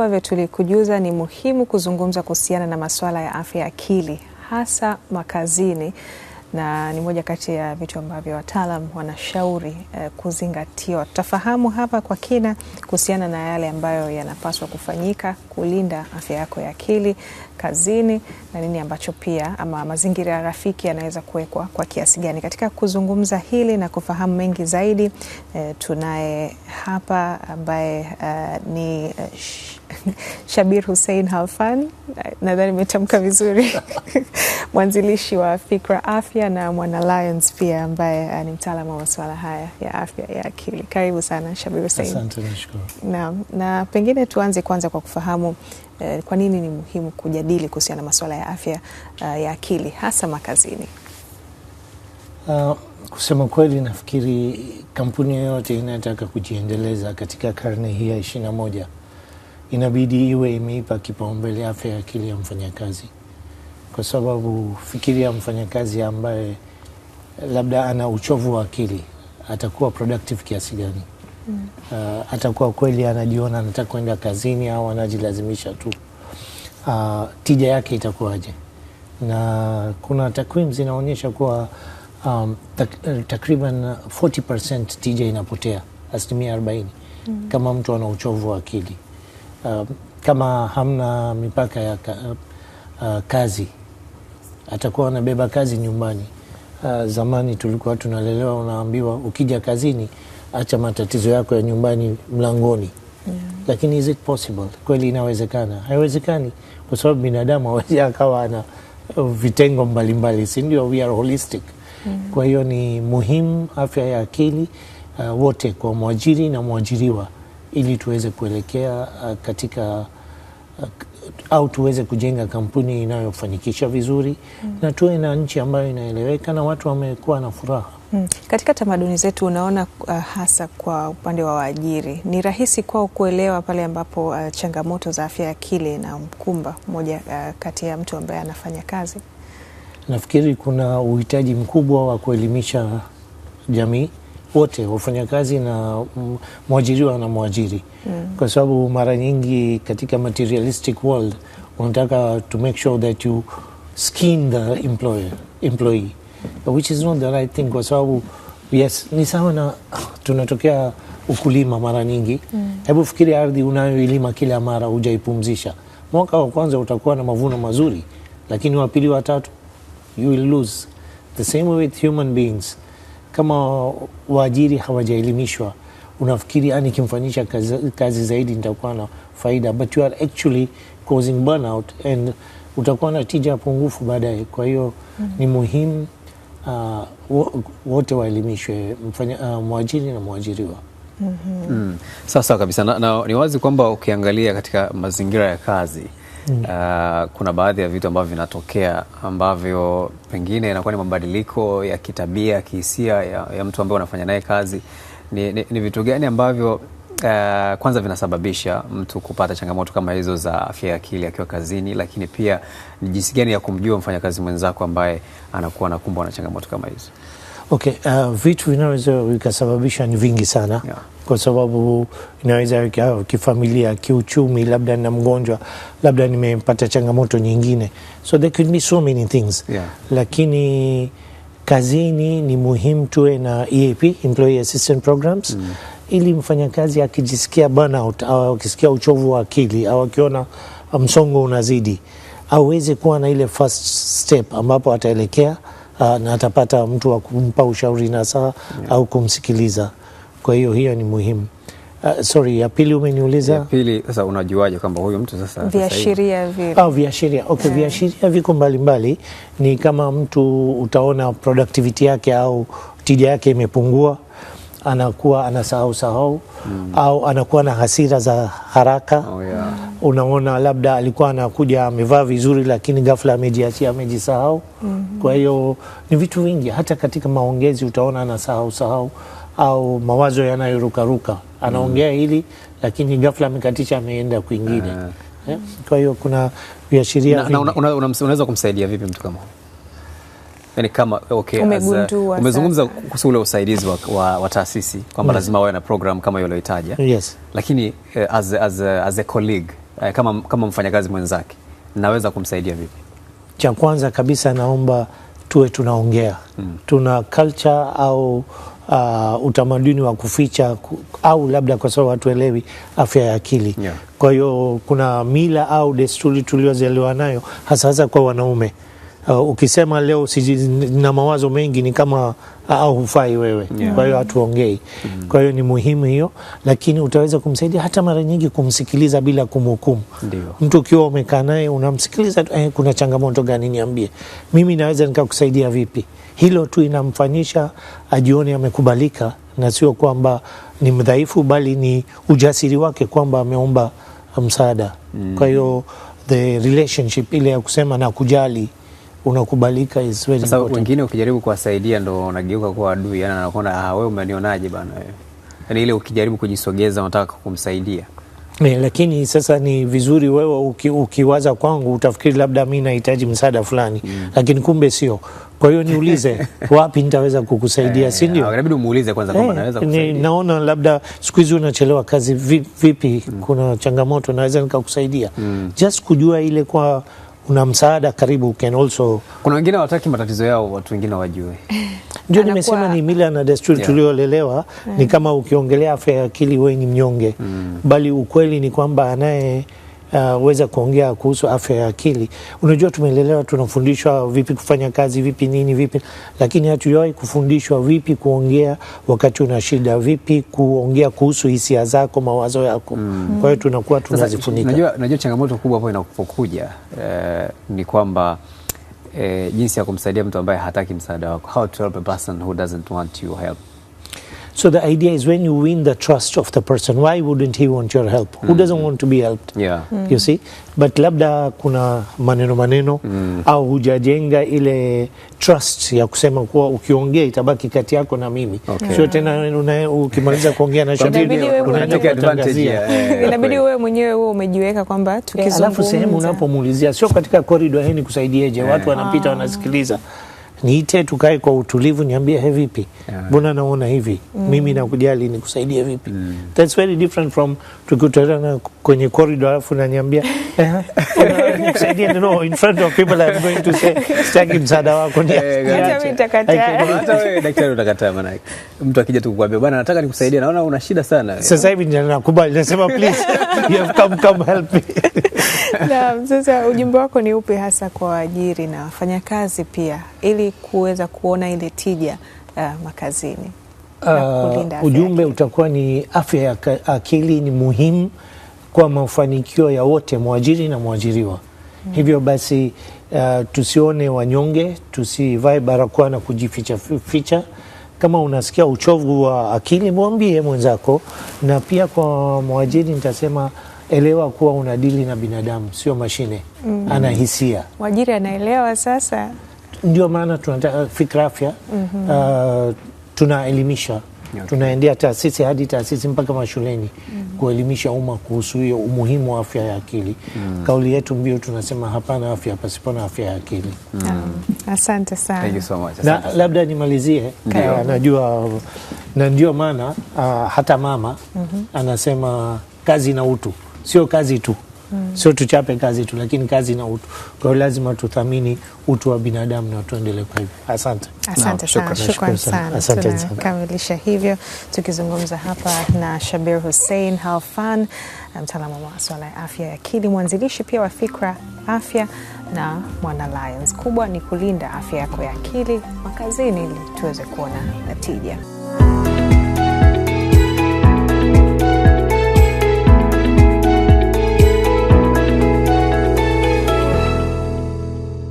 Ambavyo tulikujuza ni muhimu kuzungumza kuhusiana na masuala ya afya ya akili hasa makazini, na ni moja kati ya vitu ambavyo wataalam wanashauri eh, kuzingatiwa. Tutafahamu hapa kwa kina kuhusiana na yale ambayo yanapaswa kufanyika kulinda afya yako ya akili kazini na nini ambacho pia ama mazingira rafiki yanaweza kuwekwa kwa kiasi gani. Katika kuzungumza hili na kufahamu mengi zaidi eh, tunaye hapa ambaye eh, ni eh, Shabir Hussein Halfan, nadhani nimetamka vizuri mwanzilishi wa Fikra Afya na Mwana Lions pia ambaye eh, ni mtaalamu wa masuala haya ya afya ya akili. Karibu sana Shabir Hussein. Asante, nashukuru. Na, na pengine tuanze kwanza kwa kufahamu eh, kwa nini ni muhimu kujadili kuhusiana na masuala ya afya uh, ya akili hasa makazini? Uh, kusema kweli nafikiri kampuni yoyote inayotaka kujiendeleza katika karne hii ya ishirini na moja inabidi iwe imeipa kipaumbele afya ya akili ya mfanyakazi, kwa sababu fikiria mfanyakazi ambaye labda ana uchovu wa akili atakuwa productive kiasi gani? Mm. Uh, atakuwa kweli anajiona anataka kwenda kazini au anajilazimisha tu? Uh, tija yake itakuwaje? Na kuna takwimu zinaonyesha kuwa um, tak, takriban 40% tija inapotea, asilimia 40 mm. kama mtu ana uchovu wa akili uh, kama hamna mipaka ya ka, uh, uh, kazi atakuwa anabeba kazi nyumbani. Uh, zamani tulikuwa tunalelewa, unaambiwa ukija kazini acha matatizo yako ya nyumbani mlangoni. Yeah. Lakini is it possible? Kweli inawezekana? Haiwezekani, kwa sababu binadamu awezi akawa ana vitengo mbalimbali, si ndio? We are holistic. Mm. Kwa hiyo ni muhimu afya ya akili uh, wote kwa mwajiri na mwajiriwa ili tuweze kuelekea uh, katika uh, au tuweze kujenga kampuni inayofanikisha vizuri mm. na tuwe na nchi ambayo inaeleweka na watu wamekuwa na furaha mm. Katika tamaduni zetu unaona, uh, hasa kwa upande wa waajiri ni rahisi kwao kuelewa pale ambapo uh, changamoto za afya ya akili mkumba mmoja uh, kati ya mtu ambaye anafanya kazi. Nafikiri kuna uhitaji mkubwa wa kuelimisha jamii wote wafanyakazi na mwajiriwa na mwajiri mm. kwa sababu mara nyingi katika materialistic world unataka to make sure that you skin the employer, employee which is not the right thing kwa sababu yes ni sawa na tunatokea ukulima mara nyingi mm. hebu fikiri ardhi unayoilima kila mara hujaipumzisha mwaka wa kwanza utakuwa na mavuno mazuri lakini wa pili watatu you will lose the same way with human beings kama waajiri hawajaelimishwa unafikiri yani ah, kimfanyisha kazi, kazi zaidi nitakuwa na faida but you are actually causing burnout and utakuwa na tija pungufu baadaye kwa hiyo mm -hmm. ni mm-hmm. muhimu uh, wote waelimishwe uh, ah, mwajiri na mwajiriwa mm -hmm. mm. sawa sawa kabisa na, na ni wazi kwamba ukiangalia katika mazingira ya kazi Mm. Uh, kuna baadhi ya vitu ambavyo vinatokea ambavyo pengine inakuwa ni mabadiliko ya kitabia ya kihisia ya, ya mtu ambaye unafanya naye kazi. Ni, ni, ni vitu gani ambavyo uh, kwanza vinasababisha mtu kupata changamoto kama hizo za afya ya akili akiwa kazini, lakini pia ni jinsi gani ya kumjua mfanyakazi mwenzako ambaye anakuwa anakumbwa na changamoto kama hizo? Okay, uh, vitu vinaweza vikasababisha ni vingi sana yeah. Kwa sababu inaweza kifamilia, kiuchumi, labda na mgonjwa, labda nimepata changamoto nyingine, so there could be so many things yeah. Lakini kazini ni muhimu tuwe na EAP, employee assistance programs mm. Ili mfanyakazi akijisikia burnout au akisikia uchovu wa akili au akiona msongo unazidi aweze kuwa na ile first step ambapo ataelekea Ah, na atapata mtu wa kumpa ushauri saa yeah, au kumsikiliza. Kwa hiyo hiyo ni muhimu. Uh, sorry, ya pili umeniuliza. Ya pili sasa unajuaje kwamba huyo mtu sasa viashiria vile? Au ah, viashiria. Okay, yeah. Viashiria viko mbalimbali, ni kama mtu utaona productivity yake au tija yake imepungua anakuwa anasahau sahau mm. au anakuwa na hasira za haraka oh, yeah. Unaona, labda alikuwa anakuja amevaa vizuri, lakini ghafla amejiachia, amejisahau mm -hmm. Kwa hiyo ni vitu vingi, hata katika maongezi utaona anasahau sahau au mawazo yanayorukaruka, anaongea mm. hili lakini ghafla amekatisha, ameenda kwingine yeah. Eh, kwa hiyo kuna viashiria, unaweza kumsaidia vipi mtu kama yani kama okay, umegundua umezungumza kuhusu ule usaidizi wa, wa, wa taasisi kwamba mm. lazima wawe na program kama hiyo ulioitaja. Yes. Lakini uh, as, as, as a colleague uh, kama, kama mfanyakazi mwenzake naweza kumsaidia vipi? Cha kwanza kabisa naomba tuwe tunaongea hmm. tuna culture au uh, utamaduni wa kuficha ku, au labda kwa sababu hatuelewi afya ya akili yeah. Kwa hiyo kuna mila au desturi tuliozaliwa nayo hasa hasa kwa wanaume uh, ukisema leo siji, na mawazo mengi ni kama uh, au hufai wewe yeah. Kwa hiyo hatuongei mm. Kwa hiyo ni muhimu hiyo, lakini utaweza kumsaidia hata mara nyingi kumsikiliza bila kumhukumu. Mtu ukiwa umekaa naye unamsikiliza eh, kuna changamoto gani? Niambie, mimi naweza nikakusaidia vipi? Hilo tu inamfanyisha ajione amekubalika na sio kwamba ni mdhaifu, bali ni ujasiri wake kwamba ameomba msaada mm. Kwa hiyo the relationship ile ya kusema na kujali unakubalika is very important. Sasa wengine ukijaribu kuwasaidia ndo unageuka kuwa adui, yani anakuona ah, wewe umenionaje bana wewe. Yani ile ukijaribu kujisogeza unataka kumsaidia. Me, eh, lakini sasa ni vizuri wewe uki, ukiwaza kwangu utafikiri labda mi nahitaji msaada fulani mm. Lakini kumbe sio. Kwa hiyo niulize wapi nitaweza kukusaidia, eh, si ndio? Ah, inabidi umuulize kwanza kama eh, kusaidia. Naona labda siku hizi unachelewa kazi vipi, mm. Kuna changamoto naweza nikakusaidia mm. Just kujua ile kwa una msaada karibu can also. Kuna wengine hawataki matatizo yao watu wengine wajue. Ndio nimesema ni mila na desturi yeah, tuliolelewa mm. Ni kama ukiongelea afya ya akili wewe ni mnyonge mm. Bali ukweli ni kwamba anaye uh, kuongea kuhusu afya ya akili. Unajua, tumelelewa tunafundishwa vipi kufanya kazi, vipi nini, vipi, lakini hatujawahi kufundishwa vipi kuongea wakati una shida, vipi kuongea kuhusu hisia zako, mawazo yako mm. Kwa hiyo tunakuwa tunazifunika. Najua, najua changamoto kubwa hapo inapokuja eh, ni kwamba eh, jinsi ya kumsaidia mtu ambaye hataki msaada wako, how to help a person who doesn't want you help So the idea is when you win the trust of the person, why wouldn't he want your help? mm -hmm. doesn't want to be helped? Yeah. Mm -hmm. You see? But labda kuna maneno maneno mm. au hujajenga ile trust ya kusema kuwa ukiongea itabaki kati yako na mimi. Okay. Sio tena ukimaliza kuongea na advantage. inabidi wewe mwenyewe wewe umejiweka kwamba tukizungumza. Alafu sehemu unapomuulizia sio katika corridor, heni yaani kusaidieje? Watu wanapita ah. wanasikiliza niite tukae kwa utulivu, niambie he, vipi mbona naona hivi mm. mimi nakujali, nikusaidie vipi mm. That's very different from tukutana kwenye korido alafu naniambia eh, eh, nikusaidie no, in front of people I'm going to say sitaki msaada wako, eh, daktari utakataa. mtu akija bwana, nataka nikusaidie, naona una shida sana, sasa hivi nakubali, nasema please you have come come help me na sasa ujumbe wako ni upi hasa kwa waajiri na wafanyakazi pia ili kuweza kuona ile tija uh, makazini? Uh, ujumbe utakuwa ni afya ya akili ni muhimu kwa mafanikio ya wote, mwajiri na mwajiriwa. Hmm. Hivyo basi uh, tusione wanyonge, tusivae barakoa na kujificha ficha. Kama unasikia uchovu wa akili, mwambie mwenzako. Na pia kwa mwajiri nitasema elewa kuwa unadili na binadamu, sio mashine mm ana hisia. Mwajiri anaelewa sasa, ndio maana tunataka Fikra Afya mm -hmm. uh, tunaelimisha Okay. Tunaendea taasisi hadi taasisi mpaka mashuleni mm -hmm. kuelimisha umma kuhusu hiyo umuhimu wa afya ya akili mm -hmm. Kauli yetu mbio tunasema hapana afya pasipona afya ya akili mm -hmm. Asante sana. Thank you so much. Asante na Labda nimalizie okay. Ah, najua na ndio maana uh, hata mama mm -hmm. anasema kazi na utu sio kazi tu mm. sio tuchape kazi tu, lakini kazi na utu. Kwa hiyo lazima tuthamini utu wa binadamu na tuendelee kwa hivyo. Asante, asante sana, shukran sana. Tunakamilisha hivyo tukizungumza hapa na Shabir Hussein Halfan, mtaalamu wa masuala ya afya ya akili, mwanzilishi pia wa Fikra Afya na Mwana Lions. Kubwa ni kulinda afya yako ya akili, makazini ili tuweze kuona natija.